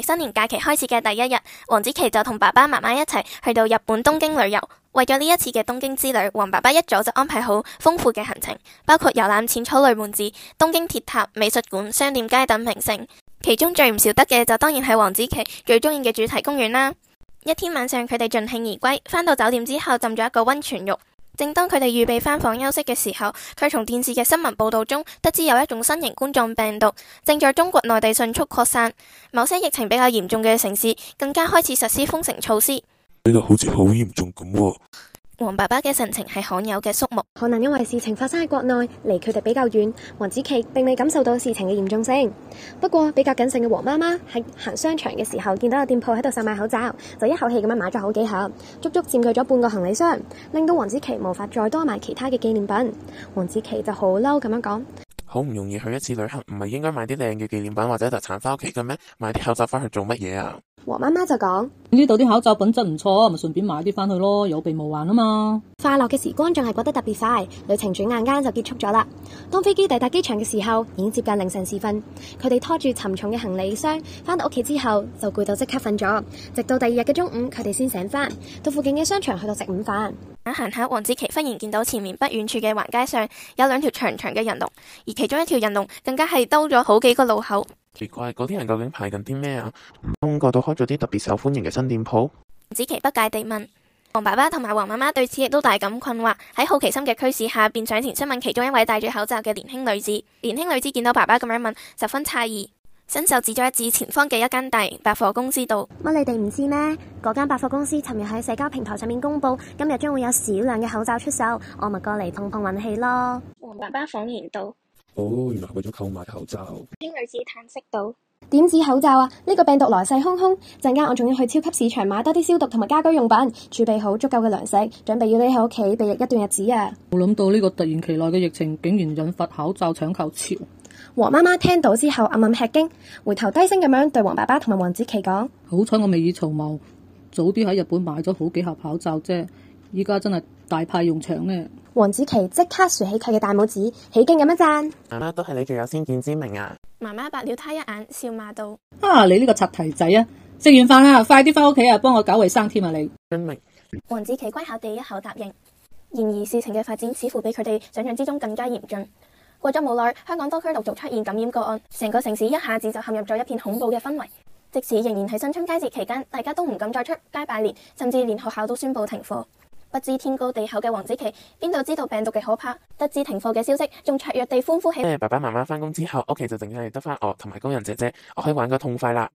新年假期開始嘅第一日，黃子祺就同爸爸媽媽一齊去到日本東京旅遊。為咗呢一次嘅東京之旅，黃爸爸一早就安排好豐富嘅行程，包括遊覽淺草雷門寺、東京鐵塔、美術館、商店街等名勝。其中最唔少得嘅就當然係黃子祺最中意嘅主題公園啦。一天晚上，佢哋盡興而歸，返到酒店之後浸咗一個溫泉浴。正當佢哋預備返房休息嘅時候，佢從電視嘅新聞報道中得知有一種新型冠狀病毒正在中國內地迅速擴散，某些疫情比較嚴重嘅城市更加開始實施封城措施。呢度好似好嚴重噉喎。黃爸爸嘅神情係罕有嘅肅穆，可能因為事情發生喺國內，離佢哋比較遠。黃子琪並未感受到事情嘅嚴重性。不過比較謹慎嘅黃媽媽喺行商場嘅時候，見到有店鋪喺度售賣口罩，就一口氣咁樣買咗好幾盒，足足佔據咗半個行李箱，令到黃子琪無法再多買其他嘅紀念品。黃子琪就好嬲咁樣講。好唔容易去一次旅行，唔係應該買啲靚嘅紀念品或者特產翻屋企嘅咩？買啲口罩翻去做乜嘢啊？黃媽媽就講，呢度啲口罩品質唔錯，咪順便買啲翻去咯，有備無患，啊嘛。快樂嘅時光仲係覺得特別快，旅程轉眼間就結束咗啦。當飛機抵達機場嘅時候，已經接近凌晨時分。佢哋拖住沉重嘅行李箱翻到屋企之後，就攰到即刻瞓咗。直到第二日嘅中午，佢哋先醒翻，到附近嘅商場去到食午飯。行行下，黃子琪忽然見到前面不遠處嘅橫街上，有兩條長長嘅人龍，而其中一條人龍更加係兜咗好幾個路口。奇怪，嗰啲人究竟排緊啲咩啊？唔通嗰度開咗啲特別受歡迎嘅新店鋪？黃子琪不解地問。黃爸爸同埋黃媽媽對此亦都大感困惑。喺好奇心嘅驅使下，便上前詢問其中一位戴住口罩嘅年輕女子。年輕女子見到爸爸咁樣問，十分詫異。伸手指咗一指前方嘅一間大型百貨公司道：乜你哋唔知咩？嗰間百貨公司尋日喺社交平台上面公布，今日將會有少量嘅口罩出售。我咪過嚟碰碰運氣咯。黃爸爸恍然道：哦，原來為咗購買口罩。啲女子嘆息道：點止口罩啊？呢個病毒來勢洶洶，陣間我仲要去超級市場買多啲消毒同埋家居用品，儲備好足夠嘅糧食，準備要匿喺屋企避疫一段日子啊！冇諗到呢個突然其來嘅疫情，竟然引發口罩搶購潮。黃媽媽聽到之後，暗暗吃驚，回頭低聲咁樣對黃爸爸同埋黃子琪講：好彩我未雨綢繆早啲喺日本買咗好幾盒口罩啫，依家真係大派用場呢！黃子琪即刻豎起佢嘅大拇指，喜驚咁一讚：媽媽都係你哋有先見之明啊！媽媽白了他一眼，笑罵道：啊，你呢個插題仔啊！食完飯啦，快啲翻屋企啊，幫我搞衛生添啊你！你明？黃子琪乖巧地一口答應。然而事情嘅發展似乎比佢哋想象之中更加嚴峻。過咗冇耐，香港多區陸續出現感染個案，成個城市一下子就陷入咗一片恐怖嘅氛圍。即使仍然喺新春佳節期間，大家都唔敢再出街拜年，甚至連學校都宣布停課。不知天高地厚嘅黃子祺，邊度知道病毒嘅可怕？得知停課嘅消息，仲雀躍地歡呼起：爸爸媽媽返工之後，屋企就淨係得返我同埋工人姐姐，我可以玩個痛快啦！